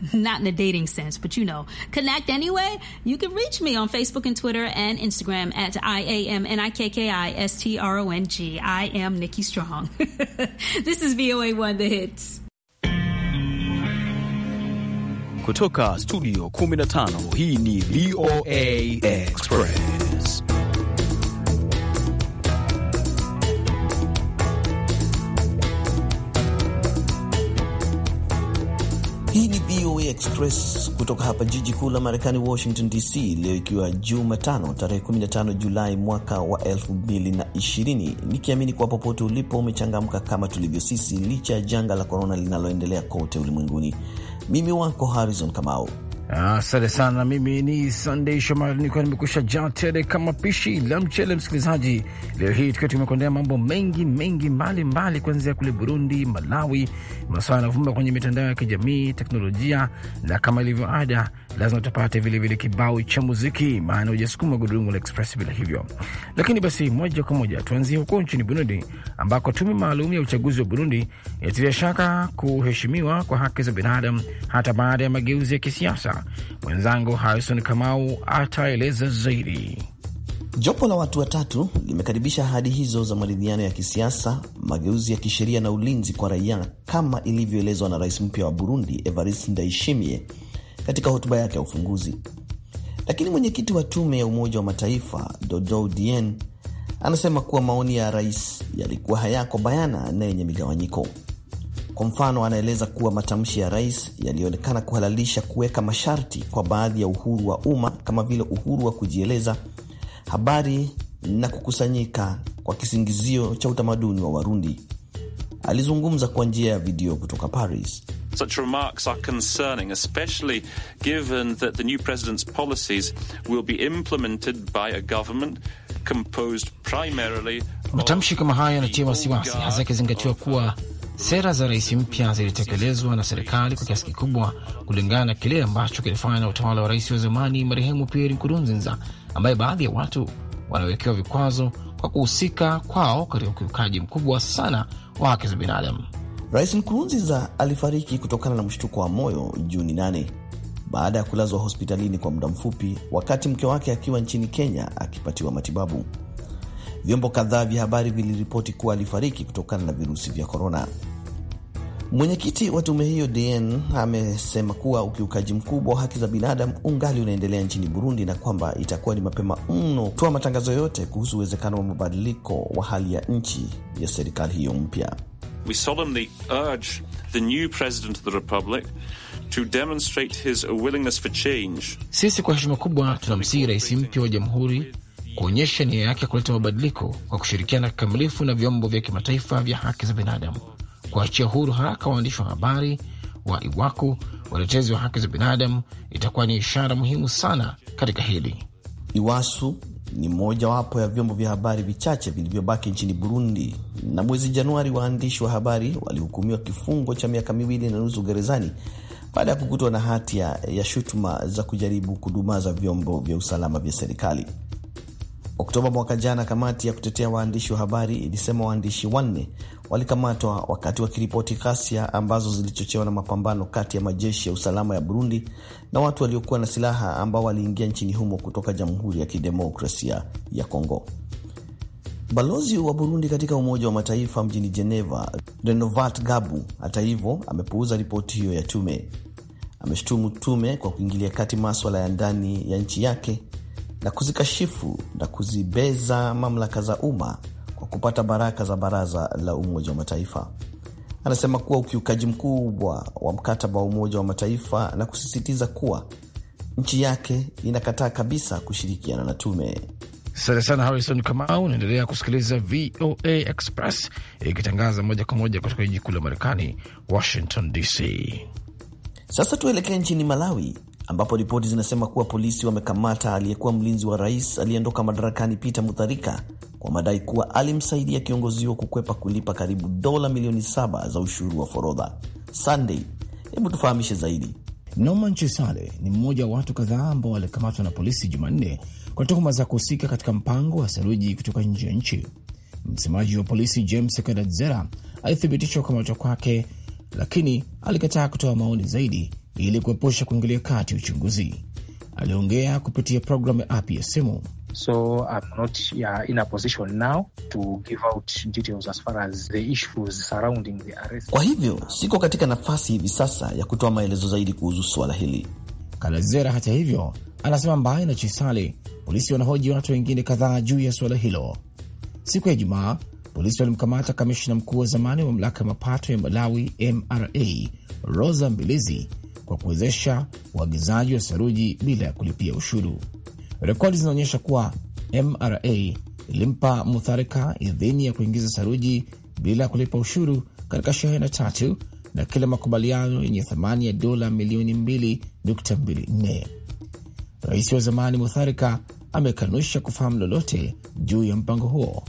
not in a dating sense, but you know, connect anyway, you can reach me on Facebook and Twitter and Instagram at I A M N I K K I S T R O N G. I am Nikki Strong. this is VOA One The Hits. Kutoka Studio 15, hii ni VOA Express. Hii ni VOA Express kutoka hapa jiji kuu la Marekani, Washington DC, leo ikiwa Jumatano tarehe 15 Julai mwaka wa 2020, nikiamini kuwa popote ulipo umechangamka kama tulivyo sisi, licha ya janga la korona linaloendelea kote ulimwenguni. Mimi wako Harrison Kamau Asante sana. Mimi ni Sunday Shomari, nikuwa nimekusha ja tele kama pishi la mchele. Msikilizaji, leo hii tukiwa tumekuendea mambo mengi mengi mbalimbali, kuanzia kule Burundi, Malawi, masuala yanavuma kwenye mitandao ya kijamii, teknolojia na kama ilivyo ada lazima tupate vilevile kibao cha muziki, maana hujasukuma gurudumu la Express bila hivyo. Lakini basi moja kwa moja tuanzie huko nchini Burundi, ambako tume maalum ya uchaguzi wa Burundi inatilia shaka kuheshimiwa kwa haki za binadamu hata baada ya mageuzi ya kisiasa. Mwenzangu Harrison Kamau ataeleza zaidi. Jopo la watu watatu limekaribisha ahadi hizo za maridhiano ya kisiasa, mageuzi ya kisheria na ulinzi kwa raia kama ilivyoelezwa na rais mpya wa Burundi Evariste Ndayishimiye katika hotuba yake ya ufunguzi. Lakini mwenyekiti wa tume ya Umoja wa Mataifa Dodo Dien anasema kuwa maoni ya rais yalikuwa hayako bayana na yenye migawanyiko. Kwa mfano, anaeleza kuwa matamshi ya rais yalionekana kuhalalisha kuweka masharti kwa baadhi ya uhuru wa umma kama vile uhuru wa kujieleza, habari na kukusanyika kwa kisingizio cha utamaduni wa Warundi. Alizungumza kwa njia ya video kutoka Paris. Such remarks are concerning, especially given that the new president's policies will be implemented by a government composed primarily. Matamshi kama haya yanatia wasiwasi, hasa ikizingatiwa kuwa sera za rais mpya zilitekelezwa na serikali kwa kiasi kikubwa, kulingana na kile ambacho kilifanya na utawala wa rais wa zamani marehemu Pierre Nkurunziza, ambaye baadhi ya watu wanawekewa vikwazo kwa kuhusika kwao katika ukiukaji mkubwa sana wa haki za binadamu. Rais Nkurunziza alifariki kutokana na mshtuko wa moyo Juni 8 baada ya kulazwa hospitalini kwa muda mfupi, wakati mke wake akiwa nchini Kenya akipatiwa matibabu. Vyombo kadhaa vya habari viliripoti kuwa alifariki kutokana na virusi vya korona. Mwenyekiti wa tume hiyo DN amesema kuwa ukiukaji mkubwa wa haki za binadamu ungali unaendelea nchini Burundi na kwamba itakuwa ni mapema mno kutoa matangazo yote kuhusu uwezekano wa mabadiliko wa hali ya nchi ya serikali hiyo mpya we solemnly urge the new president of the republic to demonstrate his willingness for change. Sisi kwa heshima kubwa tunamsihi rais mpya wa jamhuri kuonyesha nia yake ya kuleta mabadiliko kwa kushirikiana kikamilifu na vyombo vya kimataifa vya haki za binadamu, kuachia huru haraka waandishi wa habari wa Iwaku, watetezi wa haki za binadamu, itakuwa ni ishara muhimu sana katika hili. Iwasu ni mojawapo ya vyombo vya habari vichache vilivyobaki nchini Burundi, na mwezi Januari waandishi wa habari walihukumiwa kifungo cha miaka miwili na nusu gerezani baada ya kukutwa na hatia ya shutuma za kujaribu kudumaza vyombo vya usalama vya serikali. Oktoba mwaka jana, kamati ya kutetea waandishi wa habari ilisema waandishi wanne walikamatwa wakati wakiripoti ghasia ambazo zilichochewa na mapambano kati ya majeshi ya usalama ya Burundi na watu waliokuwa na silaha ambao waliingia nchini humo kutoka Jamhuri ya Kidemokrasia ya Kongo. Balozi wa Burundi katika Umoja wa Mataifa mjini Geneva, Renovat Gabu, hata hivyo, amepuuza ripoti hiyo ya tume. Ameshutumu tume kwa kuingilia kati maswala ya ndani ya nchi yake na kuzikashifu na kuzibeza mamlaka za umma kupata baraka za Baraza la Umoja wa Mataifa. Anasema kuwa ukiukaji mkubwa wa mkataba wa Umoja wa Mataifa na kusisitiza kuwa nchi yake inakataa kabisa kushirikiana na tume. Asante sana Harrison Kamau. Unaendelea kusikiliza VOA Express ikitangaza moja kwa moja kutoka jiji kuu la Marekani, Washington DC. Sasa tuelekee nchini Malawi ambapo ripoti zinasema kuwa polisi wamekamata aliyekuwa mlinzi wa rais aliyeondoka madarakani Peter Mutharika kwa madai kuwa alimsaidia kiongozi huo kukwepa kulipa karibu dola milioni saba za ushuru wa forodha. Sunday, hebu tufahamishe zaidi. Norman Chisale ni mmoja wa watu kadhaa ambao walikamatwa na polisi Jumanne kwa tuhuma za kuhusika katika mpango wa saruji kutoka nje ya nchi. Msemaji wa polisi James Kadadzera alithibitisha kukamatwa kwake, lakini alikataa kutoa maoni zaidi ili kuepusha kuingilia kati uchunguzi. Aliongea kupitia programu ya app ya simu. So I'm not yeah, in a position now to give out details as far as the issues surrounding the arrest. Kwa hivyo siko katika nafasi hivi sasa ya kutoa maelezo zaidi kuhusu suala hili. Kalazera hata hivyo anasema mbali na chisale polisi wanahoji watu wengine kadhaa juu ya suala hilo. Siku ya Ijumaa polisi walimkamata kamishna mkuu wa zamani wa mamlaka ya mapato ya Malawi MRA Rosa Mbilizi kwa kuwezesha uagizaji wa saruji bila ya kulipia ushuru. Rekodi zinaonyesha kuwa MRA ilimpa Mutharika idhini ya kuingiza saruji bila ya kulipa ushuru katika shehena tatu na kila makubaliano yenye thamani ya dola milioni 2.24. Rais wa zamani Mutharika amekanusha kufahamu lolote juu ya mpango huo,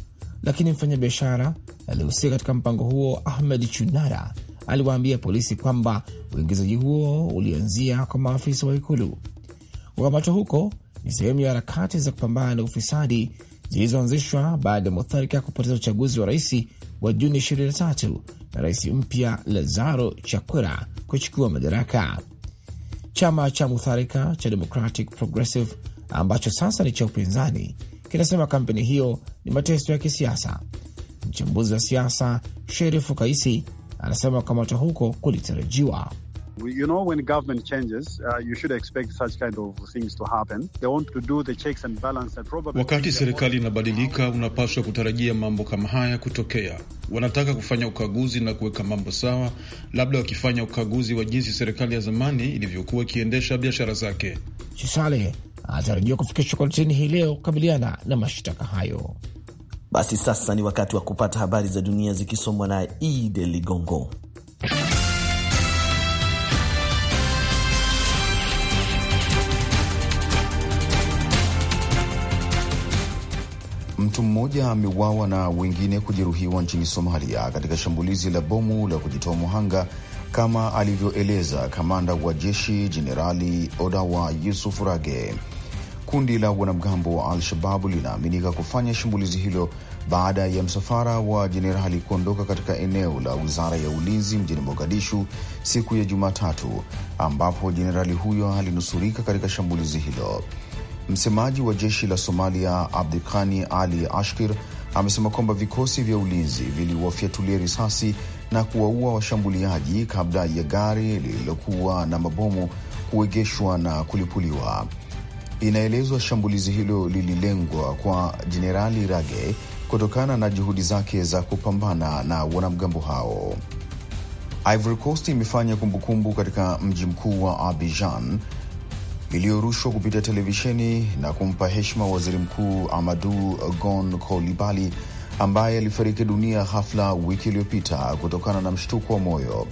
lakini mfanyabiashara aliyehusika katika mpango huo Ahmed Chunara aliwaambia polisi kwamba uingizaji huo ulianzia kwa maafisa wa Ikulu. Kukamatwa huko ni sehemu ya harakati za kupambana na ufisadi zilizoanzishwa baada ya Mutharika kupoteza uchaguzi wa rais wa Juni 23 na rais mpya Lazaro Chakwera kuchukua madaraka. Chama cha Mutharika cha Democratic Progressive ambacho sasa ni cha upinzani kinasema kampeni hiyo ni mateso ya kisiasa. Mchambuzi wa siasa Sherifu Kaisi anasema kukamatwa huko kulitarajiwa. You know, when government changes, uh, you should expect such kind of things to happen. They want to do the checks and balance and probably... Wakati serikali inabadilika, unapaswa kutarajia mambo kama haya kutokea. Wanataka kufanya ukaguzi na kuweka mambo sawa, labda wakifanya ukaguzi wa jinsi serikali ya zamani ilivyokuwa ikiendesha biashara zake. Chisale anatarajiwa kufikishwa kortini hii leo kukabiliana na mashtaka hayo. Basi sasa ni wakati wa kupata habari za dunia zikisomwa na Ide Ligongo. Mtu mmoja ameuawa na wengine kujeruhiwa nchini Somalia katika shambulizi la bomu la kujitoa muhanga, kama alivyoeleza kamanda wa jeshi Jenerali Odawa Yusuf Rage. Kundi la wanamgambo wa Al-Shababu linaaminika kufanya shambulizi hilo baada ya msafara wa jenerali kuondoka katika eneo la wizara ya ulinzi mjini Mogadishu siku ya Jumatatu, ambapo jenerali huyo alinusurika katika shambulizi hilo. Msemaji wa jeshi la Somalia Abdikani Ali Ashkir amesema kwamba vikosi vya ulinzi viliwafyatulia risasi na kuwaua washambuliaji kabla ya gari lililokuwa na mabomu kuegeshwa na kulipuliwa. Inaelezwa shambulizi hilo lililengwa kwa Jenerali Rage kutokana na juhudi zake za kupambana na wanamgambo hao. Ivory Coast imefanya kumbukumbu katika mji mkuu wa Abidjan iliyorushwa kupitia televisheni na kumpa heshima waziri mkuu amadu Gon Coulibaly ambaye alifariki dunia hafla wiki iliyopita kutokana na mshtuko wa moyo.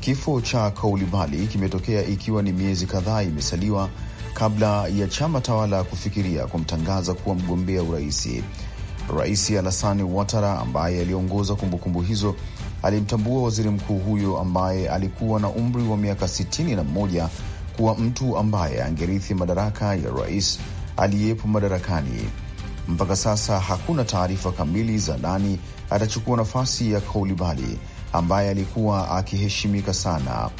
Kifo cha Coulibaly kimetokea ikiwa ni miezi kadhaa imesaliwa kabla ya chama tawala kufikiria kumtangaza kuwa mgombea uraisi. Rais alasani watara ambaye aliongoza kumbukumbu hizo alimtambua waziri mkuu huyo ambaye alikuwa na umri wa miaka 61 kuwa mtu ambaye angerithi madaraka ya rais aliyepo madarakani. Mpaka sasa hakuna taarifa kamili za nani atachukua nafasi ya Coulibaly ambaye alikuwa akiheshimika sana.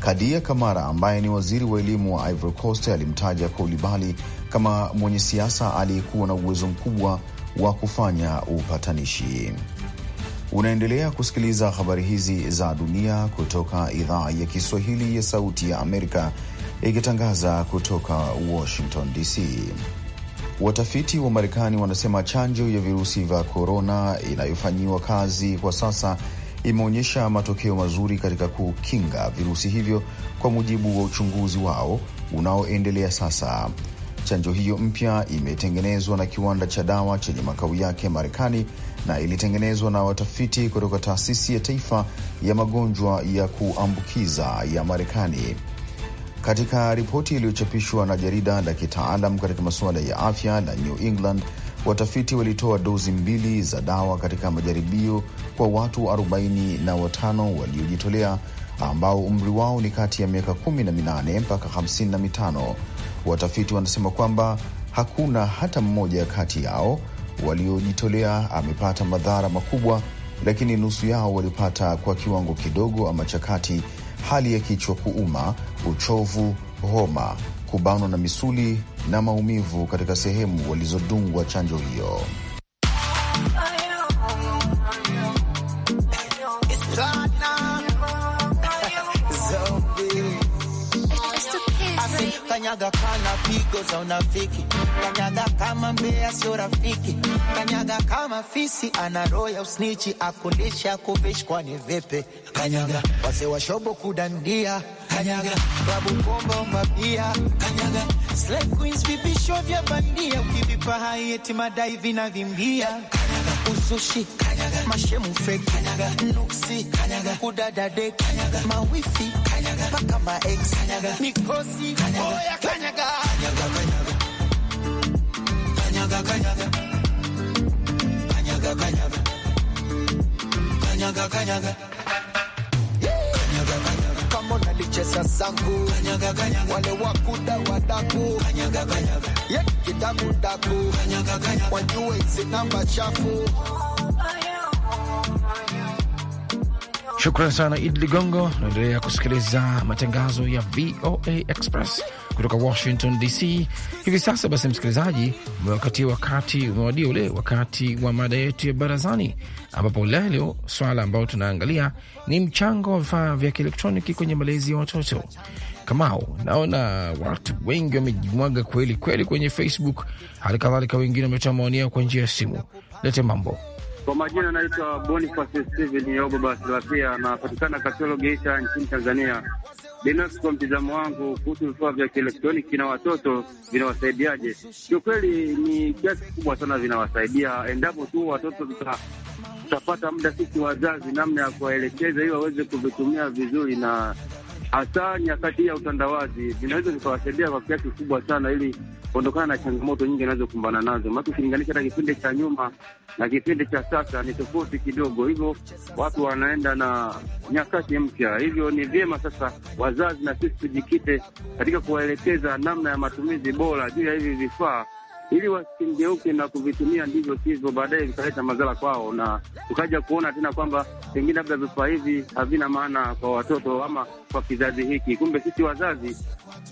Kadia Kamara ambaye ni waziri wa elimu wa Ivory Coast alimtaja Koulibaly kama mwenye siasa aliyekuwa na uwezo mkubwa wa kufanya upatanishi. Unaendelea kusikiliza habari hizi za dunia kutoka idhaa ya Kiswahili ya Sauti ya Amerika ikitangaza kutoka Washington DC. Watafiti wa Marekani wanasema chanjo ya virusi vya korona inayofanyiwa kazi kwa sasa imeonyesha matokeo mazuri katika kukinga virusi hivyo, kwa mujibu wa uchunguzi wao unaoendelea sasa. Chanjo hiyo mpya imetengenezwa na kiwanda cha dawa chenye makao yake Marekani na ilitengenezwa na watafiti kutoka taasisi ya taifa ya magonjwa ya kuambukiza ya Marekani. Katika ripoti iliyochapishwa na jarida la kitaalam katika masuala ya afya la New England watafiti walitoa dozi mbili za dawa katika majaribio kwa watu arobaini na watano waliojitolea ambao umri wao ni kati ya miaka 18 na mpaka 55. mitano. Watafiti wanasema kwamba hakuna hata mmoja kati yao waliojitolea amepata madhara makubwa, lakini nusu yao walipata kwa kiwango kidogo ama cha kati, hali ya kichwa kuuma, uchovu, homa kubanwa na misuli na maumivu katika sehemu walizodungwa chanjo hiyo. Kanyaga kana pigo za unafiki, kanyaga kama mbea sio rafiki, kanyaga kama fisi ana roho ya usnichi, akulisha kuvishi kwani vipi? Kanyaga wase washobo kudandia kanyaga babu kombo mabia kanyaga slay queens vipisho vya bandia ukivipa hai madai vinavimbia kanyaga usushi kanyaga mashemu fake kanyaga nuksi kanyaga kudadade kanyaga mawifi kanyaga paka ma ex kanyaga mikosi oya oh kanyaga kanyaga kanyaga kanyaga kanyaga kanyaga kanyaga kanyaga kanyaga chesa zangu wale wakuda wadaku ye kitakudaku wajue zinamba chafu Shukran sana id Ligongo. naendelea kusikiliza matangazo ya VOA Express kutoka Washington DC hivi sasa. Basi msikilizaji, umewakati wakati umewadia ule wakati wa mada yetu ya barazani, ambapo leo swala ambayo tunaangalia ni mchango wa vifaa vya kielektroniki kwenye malezi ya watoto. Kamao, naona watu wengi wamejimwaga kweli kweli kwenye Facebook, hali kadhalika wengine wametoa maoni yao kwa njia ya simu. Lete mambo kwa majina anaitwa Boniface Steven Yobo Basilapia, napatikana Geita nchini Tanzania. Binafsi kwa mtizamo wangu kuhusu vifaa vya kielektroniki na watoto vinawasaidiaje, kiukweli ni kiasi kikubwa sana vinawasaidia, endapo tu watoto vita tutapata muda sisi wazazi, namna ya kuwaelekeza ili waweze kuvitumia vizuri na hasa nyakati ya utandawazi zinaweza zikawasaidia kwa kiasi kubwa sana, ili kuondokana na changamoto nyingi anazokumbana nazo. Maana ukilinganisha hata kipindi cha nyuma na kipindi cha sasa ni tofauti kidogo, hivyo watu wanaenda na nyakati mpya. Hivyo ni vyema sasa wazazi na sisi tujikite katika kuwaelekeza namna ya matumizi bora juu ya hivi vifaa ili wasimgeuke na kuvitumia ndivyo sivyo, baadaye vikaleta madhara kwao, na tukaja kuona tena kwamba pengine labda vifaa hivi havina maana kwa watoto ama kwa kizazi hiki. Kumbe sisi wazazi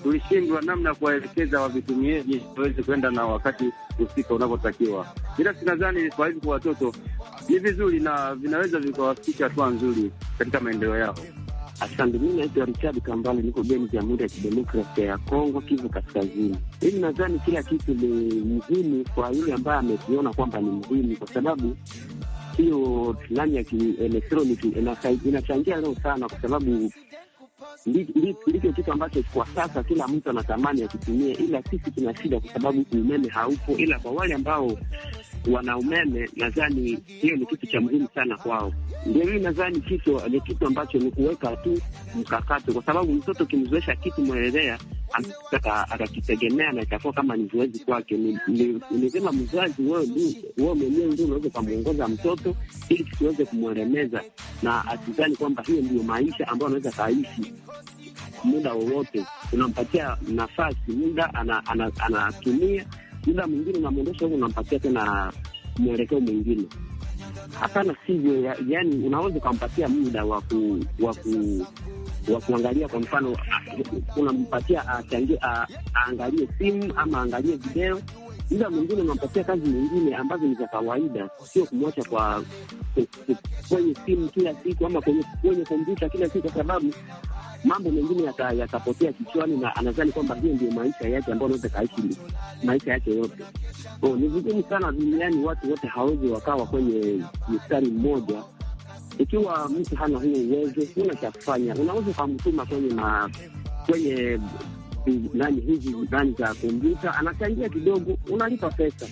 tulishindwa namna ya kuwaelekeza wavitumieje waweze kuenda na wakati husika unavyotakiwa. Ila sinadhani vifaa hivi kwa watoto ni vizuri na vinaweza vikawafikisha hatua nzuri katika maendeleo yao. Asante, mi naitwa Richard Kambale, niko Beni, Jamhuri ya Kidemokrasia ya Kongo, Kivu Kaskazini. hili nadhani kila kitu ni muhimu kwa yule ambaye amekiona kwamba ni muhimu, kwa sababu hiyo nani ya kielektroniki inachangia leo sana, kwa sababu ndicho kitu ambacho kwa sasa kila mtu anatamani ya ila sisi tuna shida kwa sababu umeme haupo, ila kwa wale ambao wana umeme, nadhani hiyo ni kitu cha muhimu sana kwao. Ndio hii nadhani kitu ni kitu ambacho ni kuweka tu mkakati, kwa sababu mtoto ukimzoesha kitu mwelelea atakitegemea na itakuwa kama ni zoezi kwake. Ni vyema mzazi wewe mwenyewe ndio unaweza ukamwongoza mtoto ili kisiweze kumwelemeza na asizani kwamba hiyo ndio maisha ambayo anaweza kaishi muda wowote. Unampatia nafasi, muda anatumia ana, ana, ana muda mwingine unamwondosha huku, unampatia tena mwelekeo mwingine. Hapana, sivyo yani unaweza ukampatia muda wa ku, wa ku wa kuangalia kwa mfano, unampatia aangalie simu ama aangalie video. Muda mwingine unampatia kazi nyingine ambazo ni za kawaida, sio kumwacha kwa kwenye simu kila siku ama kwenye kompyuta kila siku, kwa sababu mambo mengine yatapotea yata kichwani, na anadhani kwamba hiyo ndio maisha yake ambayo anaweza kaishi maisha yake yote. Oh, ni vigumu sana duniani, watu wote hawezi wakawa kwenye mstari mmoja. Ikiwa mtu hana huo uwezo, huna cha kufanya, unaweza ukamtuma kwenye ma, kwenye nani hizi nani za kompyuta, anachangia kidogo, unalipa pesa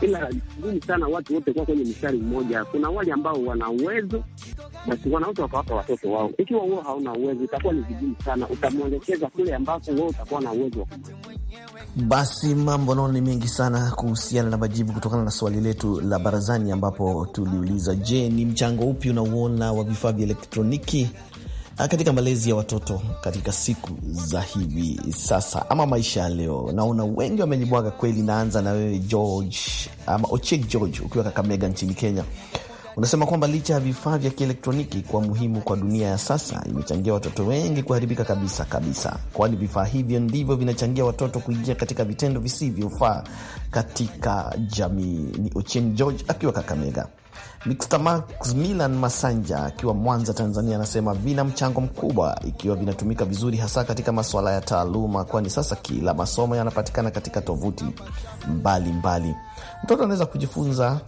ila ngumu sana watu wote kuwa kwenye mstari mmoja. Kuna wale ambao wana uwezo, basi wanaweza wakawapa watoto wao. Ikiwa wewe hauna uwezo, itakuwa ni vigumu sana, utamwelekeza kule ambapo wewe utakuwa na uwezo wa basi mambo naona ni mengi sana kuhusiana na majibu kutokana na swali letu la barazani, ambapo tuliuliza, je, ni mchango upi unauona wa vifaa vya elektroniki Ah, katika malezi ya watoto katika siku za hivi sasa ama maisha ya leo. Naona wengi wamenyibwaga kweli. Naanza na wewe George ama Ochek George, ukiwa Kakamega nchini Kenya. Unasema kwamba licha ya vifaa vya kielektroniki kuwa muhimu kwa dunia ya sasa, imechangia watoto wengi kuharibika kabisa kabisa, kwani vifaa hivyo ndivyo vinachangia watoto kuingia katika vitendo visivyofaa katika jamii. Ni Ochieng George akiwa Kakamega. Mr. Max Milan Masanja akiwa Mwanza, Tanzania, anasema vina mchango mkubwa ikiwa vinatumika vizuri, hasa katika masuala ya taaluma, kwani sasa kila masomo yanapatikana katika tovuti mbalimbali. Mtoto anaweza kujifunza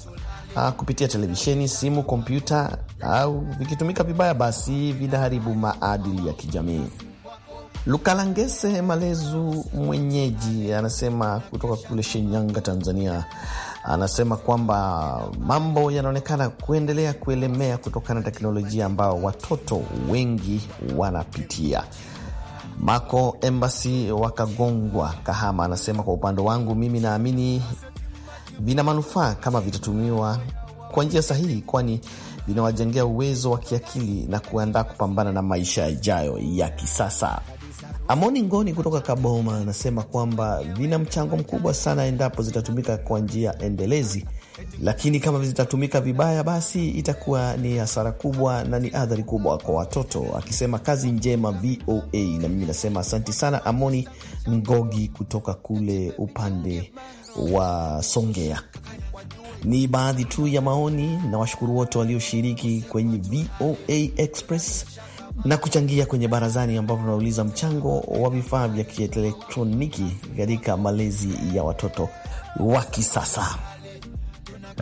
uh, kupitia televisheni, simu, kompyuta au vikitumika vibaya, basi vinaharibu maadili ya kijamii. Lukalangese Malezu mwenyeji anasema kutoka kule Shinyanga, Tanzania, anasema kwamba mambo yanaonekana kuendelea kuelemea kutokana na teknolojia ambayo watoto wengi wanapitia. Mako Embassy wakagongwa Kahama anasema kwa upande wangu mimi naamini vina manufaa kama vitatumiwa kwa njia sahihi, kwani vinawajengea uwezo wa kiakili na kuandaa kupambana na maisha yajayo ya kisasa. Amoni Ngoni kutoka Kaboma anasema kwamba vina mchango mkubwa sana endapo zitatumika kwa njia endelezi, lakini kama zitatumika vibaya, basi itakuwa ni hasara kubwa na ni athari kubwa kwa watoto, akisema kazi njema VOA. Na mimi nasema asanti sana Amoni Ngogi kutoka kule upande wa Songea. Ni baadhi tu ya maoni na washukuru wote walioshiriki kwenye VOA Express na kuchangia kwenye barazani, ambapo tunauliza mchango wa vifaa vya kielektroniki katika malezi ya watoto wa kisasa.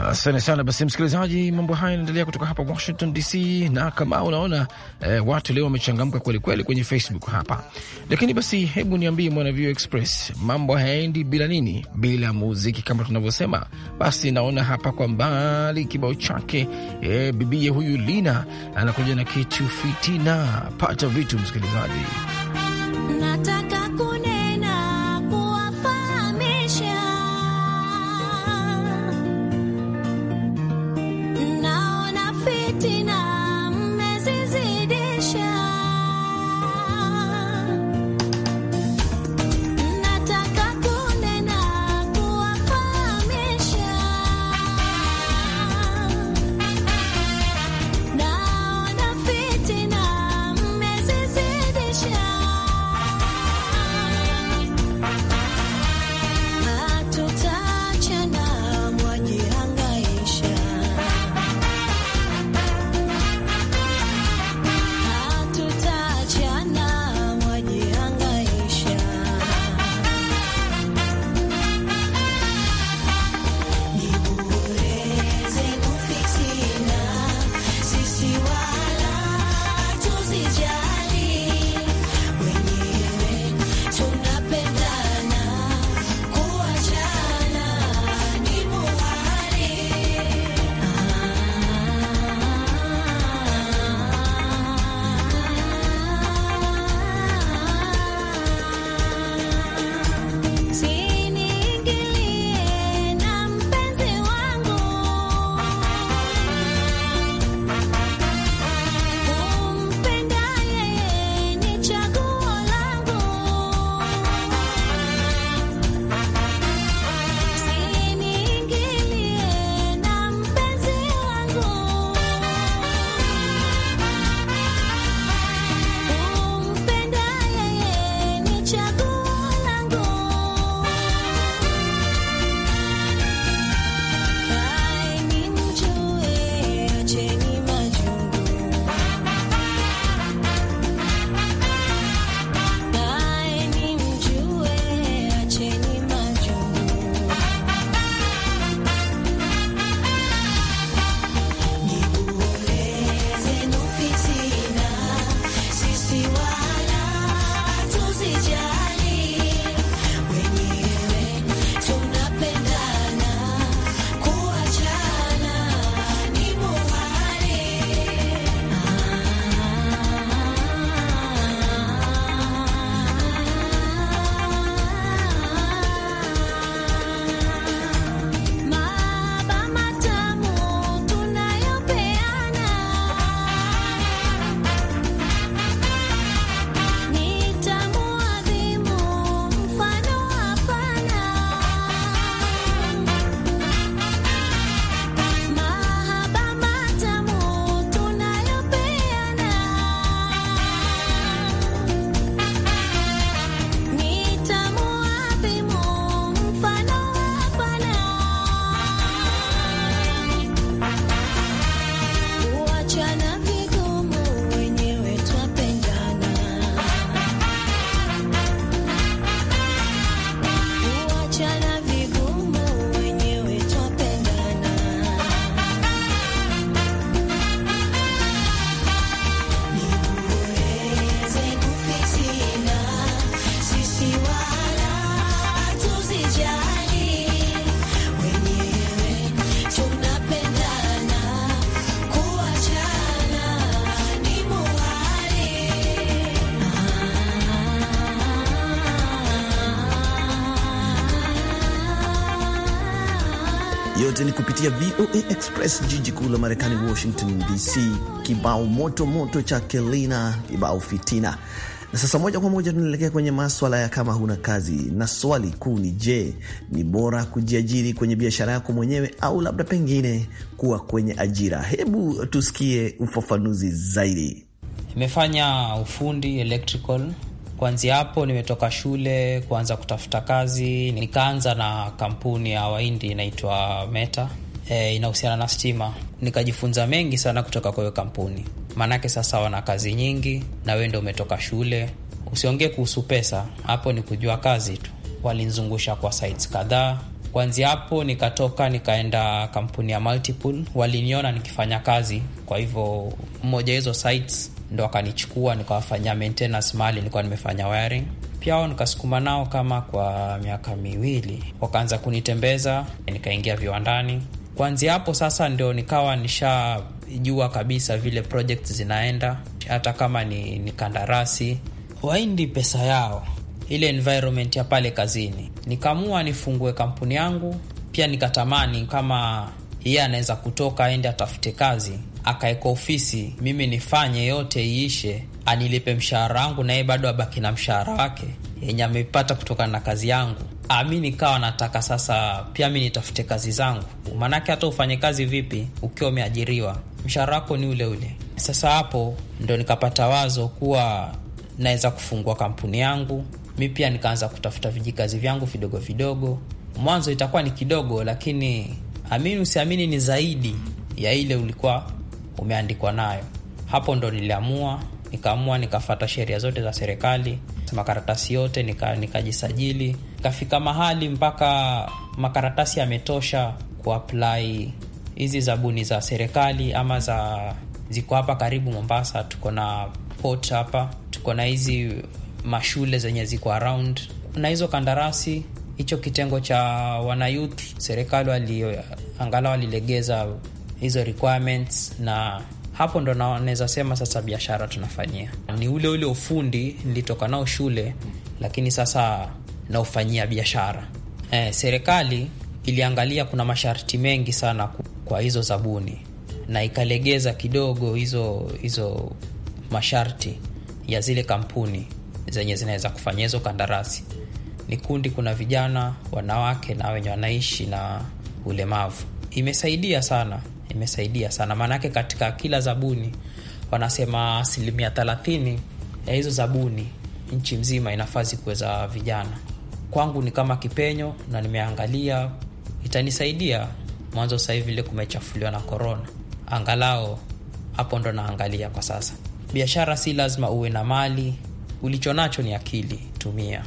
Asante sana. Basi msikilizaji, mambo haya yanaendelea kutoka hapa Washington DC, na kama unaona eh, watu leo wamechangamka kwelikweli kwenye Facebook hapa. Lakini basi hebu niambie, mwana View Express, mambo hayaendi bila nini? Bila muziki kama tunavyosema. Basi naona hapa kwa mbali kibao chake eh, bibie huyu Lina anakuja na kitu fitina. Pata vitu msikilizaji. Chapter. magazini kupitia VOA Express, jiji kuu la Marekani, Washington DC. Kibao moto moto cha Kelina, kibao fitina. Na sasa moja kwa moja tunaelekea kwenye maswala ya kama huna kazi, na swali kuu ni je, ni bora kujiajiri kwenye biashara yako mwenyewe au labda pengine kuwa kwenye ajira? Hebu tusikie ufafanuzi zaidi. Nimefanya ufundi electrical Kuanzia hapo nimetoka shule kuanza kutafuta kazi, nikaanza na kampuni ya Wahindi inaitwa Meta e, inahusiana na stima. Nikajifunza mengi sana kutoka kwa hiyo kampuni, maanake sasa wana kazi nyingi, na wewe ndo umetoka shule. Usiongee kuhusu pesa hapo, ni kujua kazi tu. walinzungusha kwa sites kadhaa Kuanzia hapo nikatoka nikaenda kampuni ya Multipool, waliniona nikifanya kazi, kwa hivyo mmoja hizo sites ndo akanichukua nikawafanyia maintenance mali nilikuwa nimefanya wiring pia wao nikasukuma nao kama kwa miaka miwili, wakaanza kunitembeza, nikaingia viwandani. Kuanzia hapo sasa ndio nikawa nishajua kabisa vile project zinaenda, hata kama ni, ni kandarasi. Waindi pesa yao ile environment ya pale kazini. Nikaamua nifungue kampuni yangu, pia nikatamani kama yeye anaweza kutoka aende atafute kazi akaeka ofisi, mimi nifanye yote iishe, anilipe mshahara wangu, yeye bado abaki na mshahara wake yenye amepata kutokana na kazi yangu. Ah, mi nikawa nataka sasa pia mi nitafute kazi zangu, maanake hata ufanye kazi vipi ukiwa umeajiriwa, mshahara wako ni ule ule. Sasa hapo ndo nikapata wazo kuwa naweza kufungua kampuni yangu mi pia nikaanza kutafuta vijikazi vyangu vidogo vidogo. Mwanzo itakuwa ni kidogo, lakini amini usiamini, ni zaidi ya ile ulikuwa umeandikwa nayo. Hapo ndo niliamua, nikaamua nikafata sheria zote za serikali, makaratasi yote nikajisajili, nika nikafika mahali mpaka makaratasi yametosha kuapply hizi zabuni za serikali ama za ziko hapa karibu Mombasa, tuko na port hapa, tuko na hizi mashule zenye ziko around na hizo kandarasi. Hicho kitengo cha wanayouth, serikali wali walilegeza hizo requirements, na hapo ndo naweza sema sasa biashara tunafanyia ni ule ule ufundi nilitoka nao shule, lakini sasa naufanyia biashara. Eh, serikali iliangalia kuna masharti mengi sana kwa hizo zabuni na ikalegeza kidogo hizo hizo masharti ya zile kampuni zenye zinaweza kufanya hizo kandarasi. Ni kundi, kuna vijana, wanawake na wenye wanaishi na ulemavu. Imesaidia sana, imesaidia sana maanake, katika kila zabuni wanasema asilimia thelathini ya hizo zabuni nchi mzima inafazi kuweza vijana. Kwangu ni kama kipenyo, na nimeangalia itanisaidia. Mwanzo sasa hivi ile kumechafuliwa na korona, angalau hapo ndo naangalia kwa sasa. Biashara si lazima uwe na mali ulichonacho ni akili, tumia.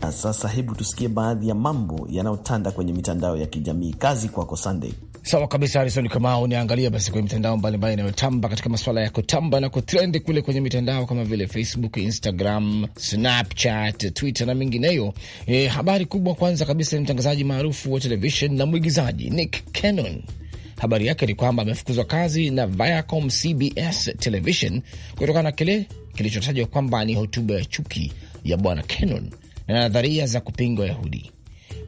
Na sasa hebu tusikie baadhi ya mambo yanayotanda kwenye mitandao ya kijamii. Kazi kwako Sunday. Sawa kabisa Harison Kamau, niangalia basi kwenye mitandao mbalimbali inayotamba katika masuala ya kutamba na kutrendi kule kwenye mitandao kama vile Facebook, Instagram, Snapchat, Twitter na mingineyo. E, eh, habari kubwa kwanza kabisa ni mtangazaji maarufu wa televishen na mwigizaji Nick Cannon Habari yake ni kwamba amefukuzwa kazi na Viacom CBS Television kutokana na kile kilichotajwa kwamba ni hotuba ya chuki ya bwana Cannon na nadharia za kupinga Wayahudi.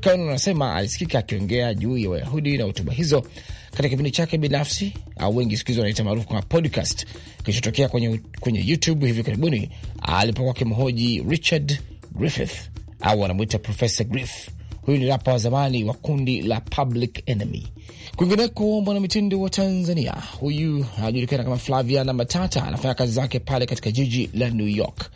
Cannon anasema alisikika akiongea juu ya Wayahudi na hotuba hizo katika kipindi chake binafsi au wengi siku hizi wanaita maarufu kama podcast kilichotokea kwenye, kwenye YouTube hivi karibuni alipokuwa kimhoji Richard Griffith au anamwita Profesa Griff Huyu ni rapa wa zamani wa kundi la Public Enemy. Kwingineko, mwanamitindo wa Tanzania huyu anajulikana kama Flaviana Matata, anafanya kazi zake pale katika jiji la New York.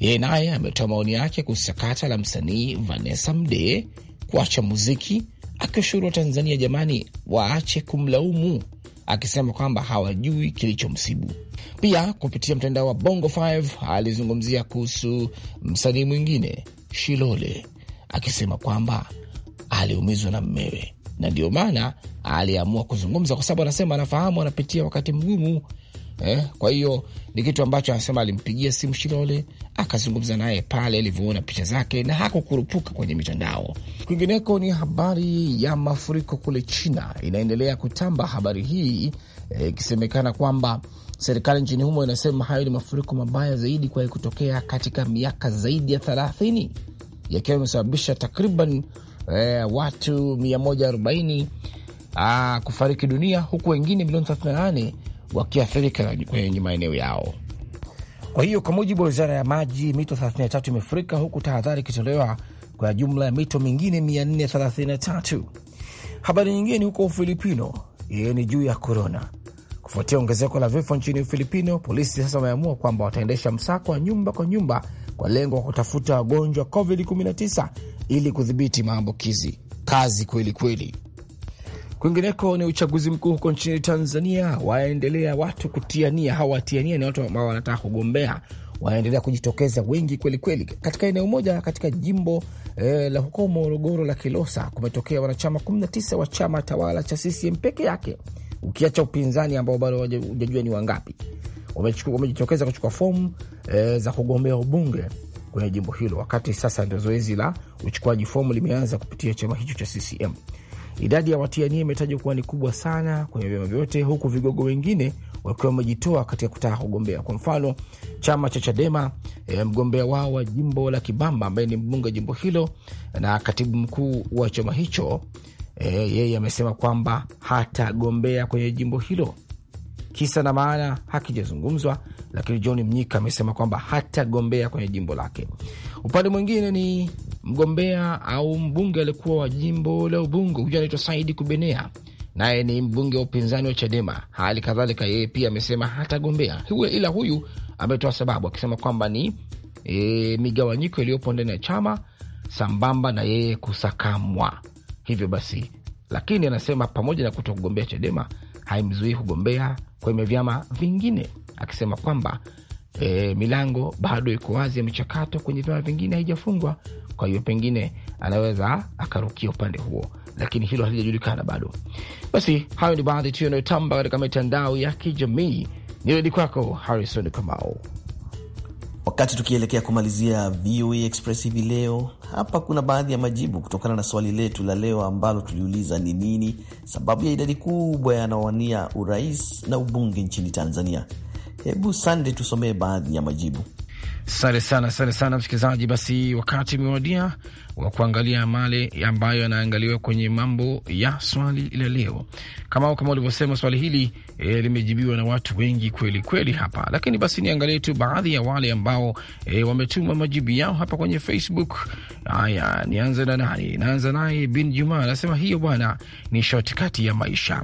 Yeye naye ametoa maoni yake kuhusu sakata la msanii Vanessa Mdee kuacha muziki, akiwashauri wa Tanzania jamani, waache kumlaumu, akisema kwamba hawajui kilichomsibu. Pia kupitia mtandao wa Bongo 5 alizungumzia kuhusu msanii mwingine Shilole akisema kwamba aliumizwa na mmewe na ndio maana aliamua kuzungumza, kwa sababu anasema anafahamu anapitia wakati mgumu eh. Kwa hiyo ni kitu ambacho anasema alimpigia simu Shilole akazungumza naye pale alivyoona picha zake, na hakukurupuka kwenye mitandao. Kwingineko ni habari ya mafuriko kule China inaendelea kutamba, habari hii eh, ikisemekana eh, kwamba serikali nchini humo inasema hayo ni mafuriko mabaya zaidi kwa kutokea katika miaka zaidi ya thelathini yakiwa imesababisha takriban e, watu 140 a, ah, kufariki dunia huku wengine milioni 38 wakiathirika kwenye maeneo yao. Kwa hiyo kwa mujibu wa wizara ya maji, mito 33 imefurika huku tahadhari ikitolewa kwa jumla ya mito mingine 433. Habari nyingine huko Ufilipino yeye ni juu ya korona. Kufuatia ongezeko la vifo nchini Ufilipino, polisi sasa wameamua kwamba wataendesha msako wa nyumba kwa nyumba kwa lengo la kutafuta wagonjwa COVID-19 ili kudhibiti maambukizi. Kazi kweli kweli. Kwingineko ni uchaguzi mkuu huko nchini Tanzania, waendelea watu kutiania, hawatiania ni watu ambao wanataka kugombea, wanaendelea kujitokeza wengi kweli kweli. Katika eneo moja katika jimbo eh, la huko Morogoro la Kilosa, kumetokea wanachama 19 wa chama tawala cha CCM peke yake, ukiacha upinzani ambao bado hujajua ni wangapi wamejitokeza kuchukua fomu e, za kugombea ubunge kwenye jimbo hilo, wakati sasa ndio zoezi la uchukuaji fomu limeanza kupitia chama hicho cha CCM. Idadi ya watiania imetajwa kuwa ni kubwa sana kwenye vyama vyote, huku vigogo wengine wakiwa wamejitoa katika kutaka kugombea. Kwa mfano, chama cha Chadema e, mgombea wao wa jimbo la Kibamba ambaye ni mbunge jimbo hilo na katibu mkuu wa chama hicho e, yeye amesema kwamba hatagombea kwenye jimbo hilo Kisa na maana hakijazungumzwa, lakini John Mnyika amesema kwamba hatagombea kwenye jimbo lake. Upande mwingine ni mgombea au mbunge aliyekuwa wa jimbo la Ubungo, huyu anaitwa Saidi Kubenea, naye ni mbunge wa upinzani wa Chadema. Hali kadhalika yeye pia amesema hatagombea huyo, ila huyu ametoa sababu akisema kwamba ni e, migawanyiko iliyopo ndani ya chama sambamba na yeye kusakamwa. Hivyo basi, lakini anasema pamoja na kuto kugombea Chadema haimzuii kugombea kwenye vyama vingine, akisema kwamba e, milango bado iko wazi ya michakato kwenye vyama vingine haijafungwa. Kwa hiyo pengine anaweza akarukia upande huo, lakini hilo halijajulikana bado. Basi hayo ni baadhi tu yanayotamba katika mitandao ya kijamii. Nirudi kwako Harrison Kamau. Wakati tukielekea kumalizia VOA Express hivi leo, hapa kuna baadhi ya majibu kutokana na swali letu la leo ambalo tuliuliza ni nini sababu ya idadi kubwa yanaowania urais na ubunge nchini Tanzania. Hebu Sande, tusomee baadhi ya majibu. Asante sana, asante sana msikilizaji. Basi wakati umewadia wa kuangalia male ambayo yanaangaliwa kwenye mambo ya swali la leo. Kama kama ulivyosema, swali hili e, limejibiwa na watu wengi kweli kweli hapa, lakini basi niangalie tu baadhi ya wale ambao e, wametuma majibu yao hapa kwenye Facebook. Haya, nianze na nani? Naanza naye Bin Juma, anasema hiyo bwana ni shoti kati ya maisha.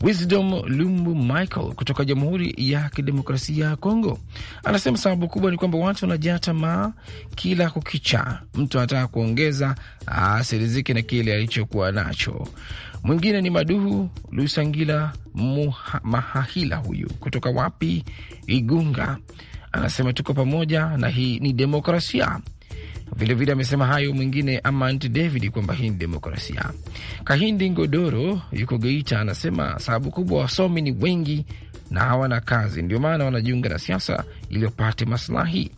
Wisdom Lumbu Michael kutoka Jamhuri ya Kidemokrasia ya Kongo anasema sababu kubwa ni kwamba watu wanajaa tamaa kila kukicha, mtu anataka kuongeza asirizike na kile alichokuwa nacho. Mwingine ni Maduhu Lusangila Muha, Mahahila, huyu kutoka wapi Igunga, anasema tuko pamoja na hii ni demokrasia. Vilevile amesema vile hayo mwingine Amant David kwamba hii ni demokrasia. Kahindi Ngodoro yuko Geita, anasema sababu kubwa wasomi ni wengi na hawana kazi, ndio maana wanajiunga na siasa ili wapate maslahi.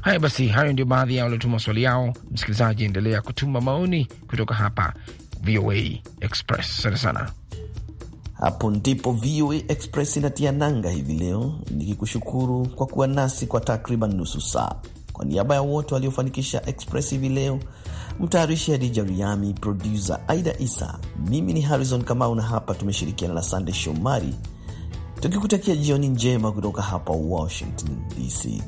Haya basi, hayo ndio baadhi ya waliotuma swali yao. Msikilizaji, endelea kutuma maoni kutoka hapa VOA Express. Asante sana. Hapo ndipo VOA Express inatia nanga hivi leo, nikikushukuru kwa kuwa nasi kwa takriban nusu saa. Kwa niaba ya wote waliofanikisha Express hivi leo, mtayarishi Hadija Riami, produsa Aida Isa, mimi ni Harrison Kamau na hapa tumeshirikiana na Sande Shomari, tukikutakia jioni njema kutoka hapa Washington DC.